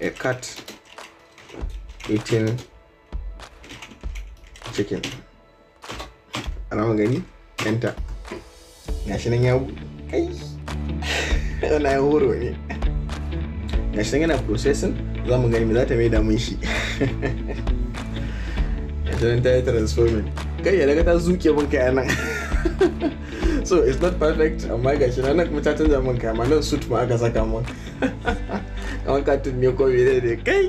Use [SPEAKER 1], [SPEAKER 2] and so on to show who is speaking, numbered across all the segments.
[SPEAKER 1] a cat eating chicken alama gani enter gashi nan ya kai wala horo ne gashi nan yana processing za mu gani me za ta mai damun shi gashi nan ta yi transforming kai ya daga ta zuke mun kaya nan so it's not perfect amma gashi nan kuma ta canza mun kaya ma nan suit ma aka saka mun Awan katun miyo ko bire de kai.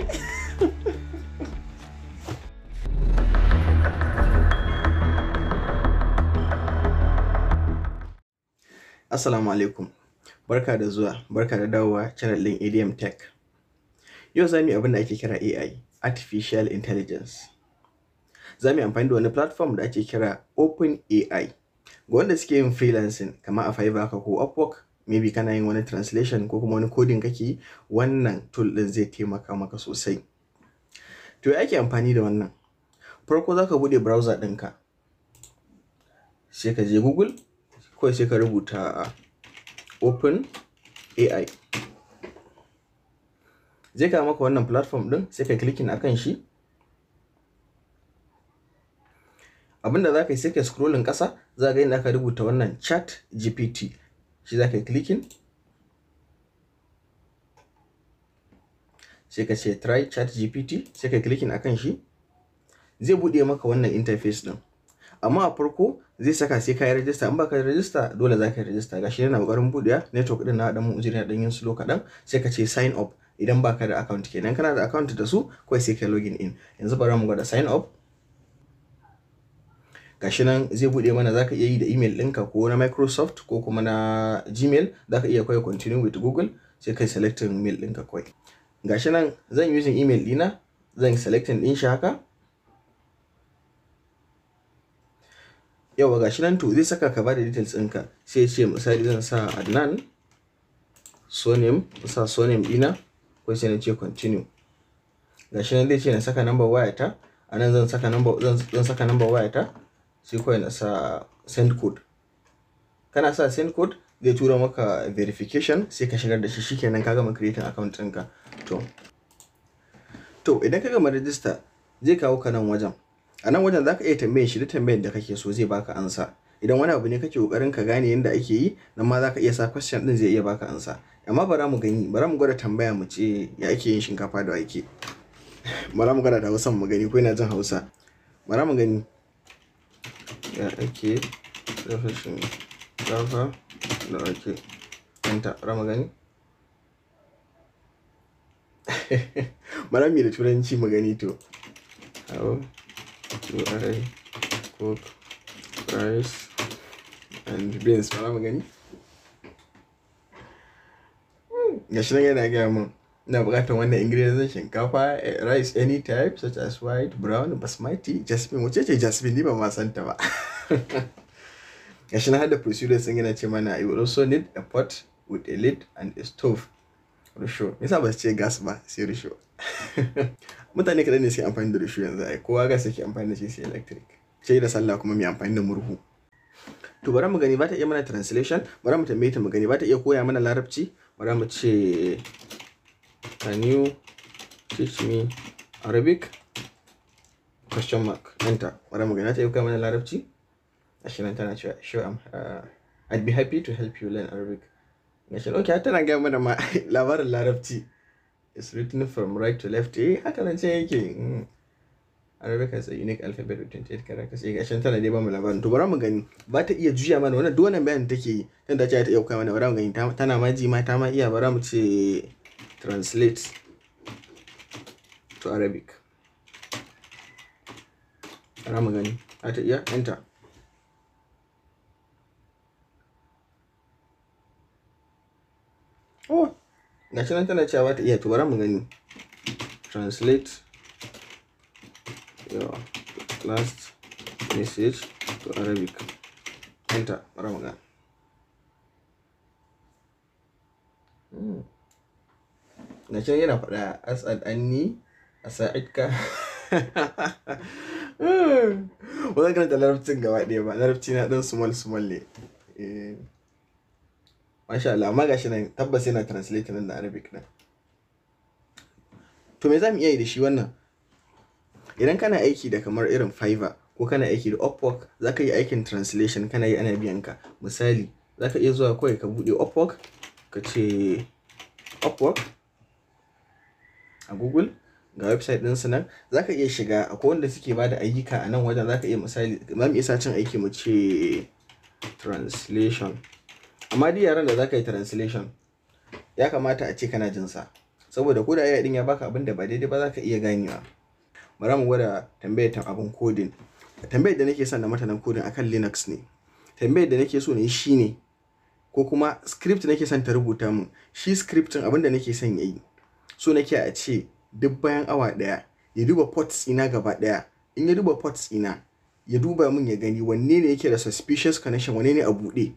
[SPEAKER 1] Assalamu alaikum. Barka da zuwa, barka da dawowa channel din EDM Tech. Yau za mu yi abin da ake kira AI, Artificial Intelligence. Za mu yi amfani da wani platform da ake kira Open AI. Ga wanda suke yin freelancing, kamar a Fiverr ko Upwork, maybe kana yin wani translation ko kuma wani coding kake wannan tool ɗin zai taimaka maka sosai to ake amfani da wannan farko zaka buɗe browser ɗinka sai ka je google kawai sai ka rubuta uh, open ai zai kawo maka wannan platform ɗin sai ka clicking akan shi abinda za ka yi sai ka scrolling ƙasa za ga inda aka rubuta wannan chat gpt shi za ka yi clicking sai ka ce try chat gpt sai ka clicking akan shi zai buɗe maka wannan interface din amma a farko zai saka sai ka yi rajista in baka rajista dole za ka yi rajista gashi yana ƙoƙarin buɗewa network din na dan mu uzuri na dan yin slow kaɗan sai ka ce sign up idan baka da account kenan kana da account da su kawai sai ka login in yanzu bari mu gwada sign up gashi nan zai buɗe mana zaka iya yi da email ɗinka ko na Microsoft ko kuma na Gmail zaka iya kawai continue with Google sai kai selecting mail ɗinka kawai gashi nan zan using email ɗina zan selecting ɗin shi haka yawa gashi nan to zai saka ka bada details ɗinka sai ce misali zan sa Adnan surname sa surname ɗina ko sai na ce continue gashi nan zai ce na saka number wayata anan zan saka number zan saka number wayata sai kawai na sa send code kana sa send code zai tura maka verification sai ka shigar da shi shikenan ka gama creating account ɗinka to to idan ka gama register zai kawo ka nan wajen a nan wajen zaka iya tambayin shi da tambayar da kake so zai baka ansa idan wani abu ne kake kokarin ka gane yadda ake yi nan ma zaka iya sa question din zai iya baka ansa amma bara mu gani bara mu gwada tambaya mu ce ya ake yin shinkafa da wake bara mu gwada da Hausa mu gani ko ina jin Hausa bara mu gani ya ake refreshing Java da ake enter rama gani marami da turanci magani to how do I cook rice and beans bara gani hmm, gashi nan yana gaya min ina bukatar wannan ingredients shinkafa eh, rice any type such as white brown basmati jasmine wace ce jasmine ni ba ma san ta ba gashi na hada procedure sun yana ce mana you also need a pot with a lid and a stove rusho me ba su ce gas ba sai rusho mutane kaɗan ne suke amfani da rusho yanzu ai kowa gas yake amfani da shi sai electric sai da sallah kuma mai amfani da murhu to bari mu gani ba ta iya mana translation bari mu tambaye ta mu gani ba ta iya koya mana larabci bari mu ce can you teach me arabic question mark enter wadda magana ta yi kai mana larabci ashe nan tana cewa sure am uh, i'd be happy to help you learn arabic na shi okay tana gaya mana ma labarin larabci is written from right to left eh haka nan sai yake hmm. arabic has a unique alphabet with 28 characters eh gashin tana dai ba mu labarin to bara mu gani ba ta iya juya mana wannan duk wannan bayanin take yi tana ta ce ta iya kai mana bara mu gani tana ma ji ma ta ma iya bara mu ce translate to Arabic. Ramagani. mu gani, ta iya? Enter. Oh, national shi nan tana cewa ta iya, to bara Translate your last message to Arabic. Enter, Ramagani. na can yana faɗa as'al anni a sa'idka ba zan karanta larabcin gaba ɗaya ba larabci na ɗan small small ne eh, masha Allah amma gashi nan tabbas yana translate nan da arabic nan to me za mu iya yi da shi wannan idan kana aiki da kamar irin fiverr ko kana aiki da upwork za ka yi aikin translation kana yi ana biyan ka misali za ka iya zuwa kawai ka buɗe upwork ka ce upwork a google ga website ɗinsu nan za ka iya shiga akwai wanda suke ba da ayyuka a nan wajen za ka iya misali za mu isa cin aiki mu ce translation amma duk yaran da za ka yi translation ya kamata a ce kana jin sa saboda ko da AI din ya baka abin da ba daidai ba za ka iya ganewa bari mu gwada tambayar ta abin coding tambayar da nake son da mata nan coding akan Linux ne tambayar da nake so ne shine ko kuma script nake son ta rubuta mun shi scriptin abin da nake son yayi so nake a ce duk bayan awa ɗaya ya duba pots ina gaba ɗaya in ya duba pots ina ya duba mun ya gani wanne ne yake da suspicious connection wanne ne a bude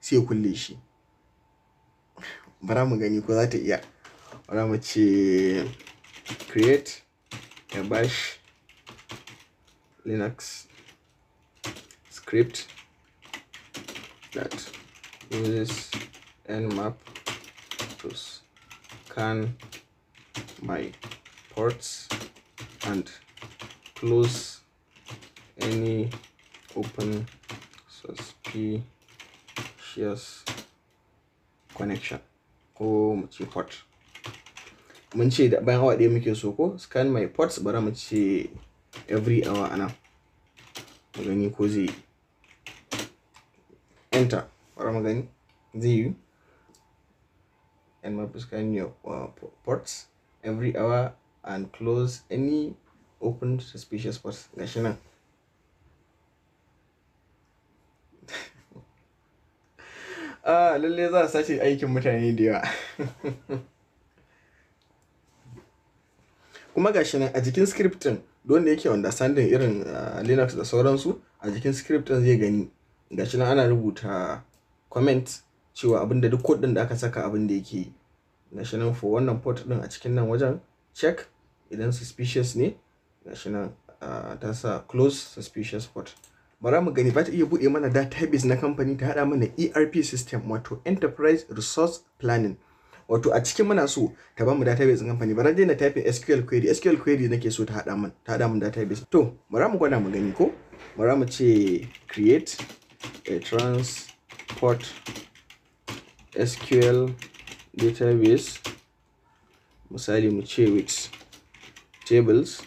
[SPEAKER 1] sai ya kulle shi bara mu gani ko za ta iya bara mu ce create a bash linux script that uses nmap tools scan my ports and close any open suspicious connection ko mu ce port mun ce da bayan awa ɗaya muke so ko scan my ports bara mu ce every hour anan mu gani ko zai enter bara mu gani zai yi and multiplying your uh, ports every hour and close any open suspicious ports national ah lalle za a sace aikin mutane da yawa kuma gashi nan a jikin scripting don da yake understanding irin ah, linux da sauransu a jikin scripting zai gani gashi nan ana rubuta comment cewa abin da duk code din da aka saka abin da yake yi gashi nan for wannan port ɗin a cikin nan wajen check idan suspicious ne gashi nan ta sa close suspicious port bara mu gani ba ta iya buɗe mana database na kamfani ta haɗa mana ERP system wato enterprise resource planning wato a cikin muna so ta bamu database din kamfani bara dai na type SQL query SQL query nake so ta hada mun ta hada mun database to bara mu gwada mu gani ko bara mu ce create a transport SQL database misali mu ce with tables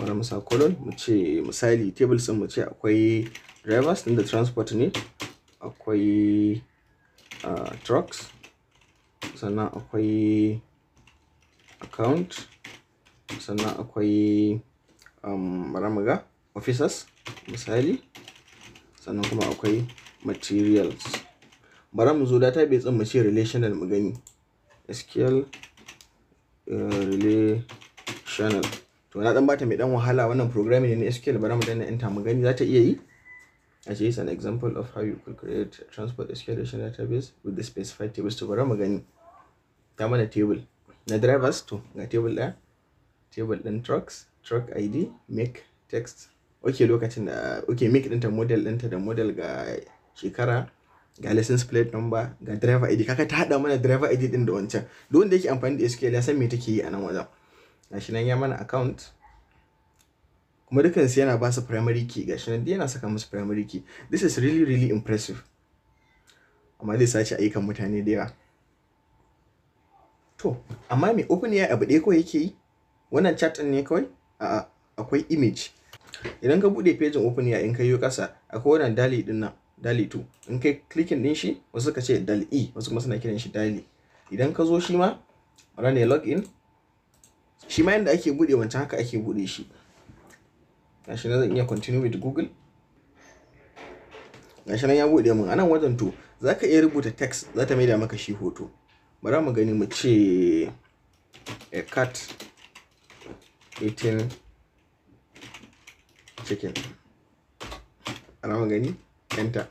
[SPEAKER 1] bara mu sa colon mu ce misali tables mu ce akwai drivers da transport ne akwai uh, trucks sannan akwai account sannan akwai um, bari mu ga officers misali sannan kuma akwai materials bara mu zo bai ɗin mu ce relational mu gani sql eh, relational to na dan bata mai dan wahala wannan programming ne sql bara mu danna enter mu gani za ta iya yi a ce is an example of how you could create a transport sql relational database with the specified tables to bara mu gani ta mana table na drivers to ga table ɗaya table ɗin trucks truck id make text okay lokacin da okay make ɗinta model ɗinta da model ga shekara ga license plate number ga driver id kaka ta hada mana driver id din da wancan duk wanda yake amfani da SQL ya san me take yi a nan wajen gashi nan ya mana account kuma dukan su yana ba su primary key gashi nan yana saka musu primary key this is really really impressive amma zai sace ayyukan mutane da yawa to amma me open ya abu ɗaya kawai yake yi wannan chat ne kawai a'a akwai image idan ka bude pejin open ya in ka yi kasa akwai wannan dali din nan dali 2 in kai clicking din shi wasu suka ce dal e wasu kuma suna kiran shi dali idan ka zo shi ma mara ne login shi ma yadda ake buɗe wancan haka ake buɗe shi gashi na zan iya continue with google gashi nan ya buɗe mun anan wajen to za ka iya rubuta text za ta maida maka shi hoto bara mu gani mu ce a cat eating chicken ana mu gani enter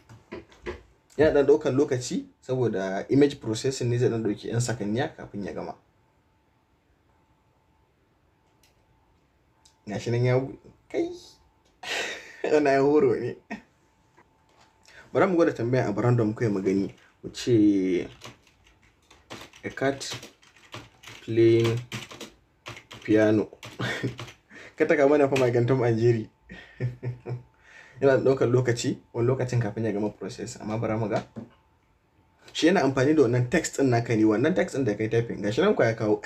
[SPEAKER 1] yana dan ɗaukar lokaci saboda image processing ne zai dan dauki 'yan sakanniya kafin ya gama shi nan ya kai ana ya horo ne bari mu gwada tambaya a baranda mu kai magani, mu ce a cat playing piano ka taka mana fa magantan anjeri yana ɗaukar lokaci wani lokacin kafin ya gama process amma bara mu ga shi yana amfani da wannan text ɗin naka ne wannan text ɗin da kai typing gashi nan ku ya kawo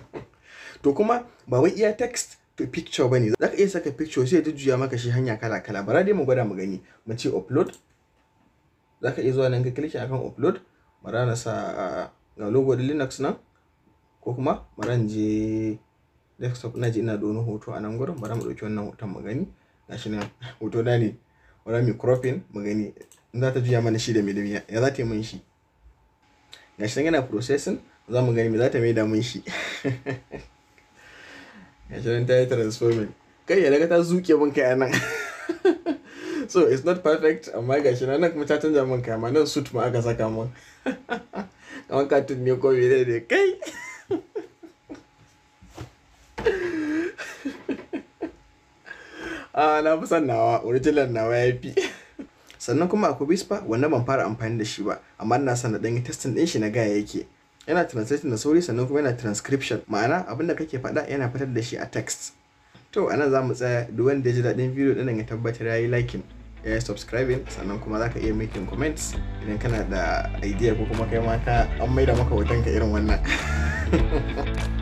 [SPEAKER 1] to kuma ba wai iya text to picture bane za ka iya saka picture sai ya jujjuya maka shi hanya kala kala bara dai mu gwada mu gani mu ce upload za ka iya zuwa nan ka click akan upload bara na sa ah, ga logo da linux nan ko kuma bara je desktop na je ina da wani hoto a nan gurin bara mu ɗauki wannan hoton mu gani gashi nan hoto na ne wani mai cropping mu gani in za ta juya mana shi da mai ya za ta yi mun shi gashi nan yana processing za mu gani me za ta mai da mun shi gashi nan ta yi transforming kai ya daga ta zuke mun kai nan so it's not perfect amma gashi nan kuma ta canza mun kai amma nan suit ma aka saka mun kamar katun ne ko me ne kai a ah, na fi son nawa original nawa ya fi sannan kuma akwai whisper wanda ban fara amfani da shi ba amma ina son na dan yi testing din shi na gaya yake yana translating da sauri sannan kuma yana transcription ma'ana abin da kake faɗa yana fitar da shi a text to anan za mu tsaya duk wanda ya ji daɗin bidiyo ɗin ya tabbatar ya yi liking ya yi subscribing sannan kuma za ka iya making comments idan kana da idea ko kuma kai ma ka an maida maka ka irin wannan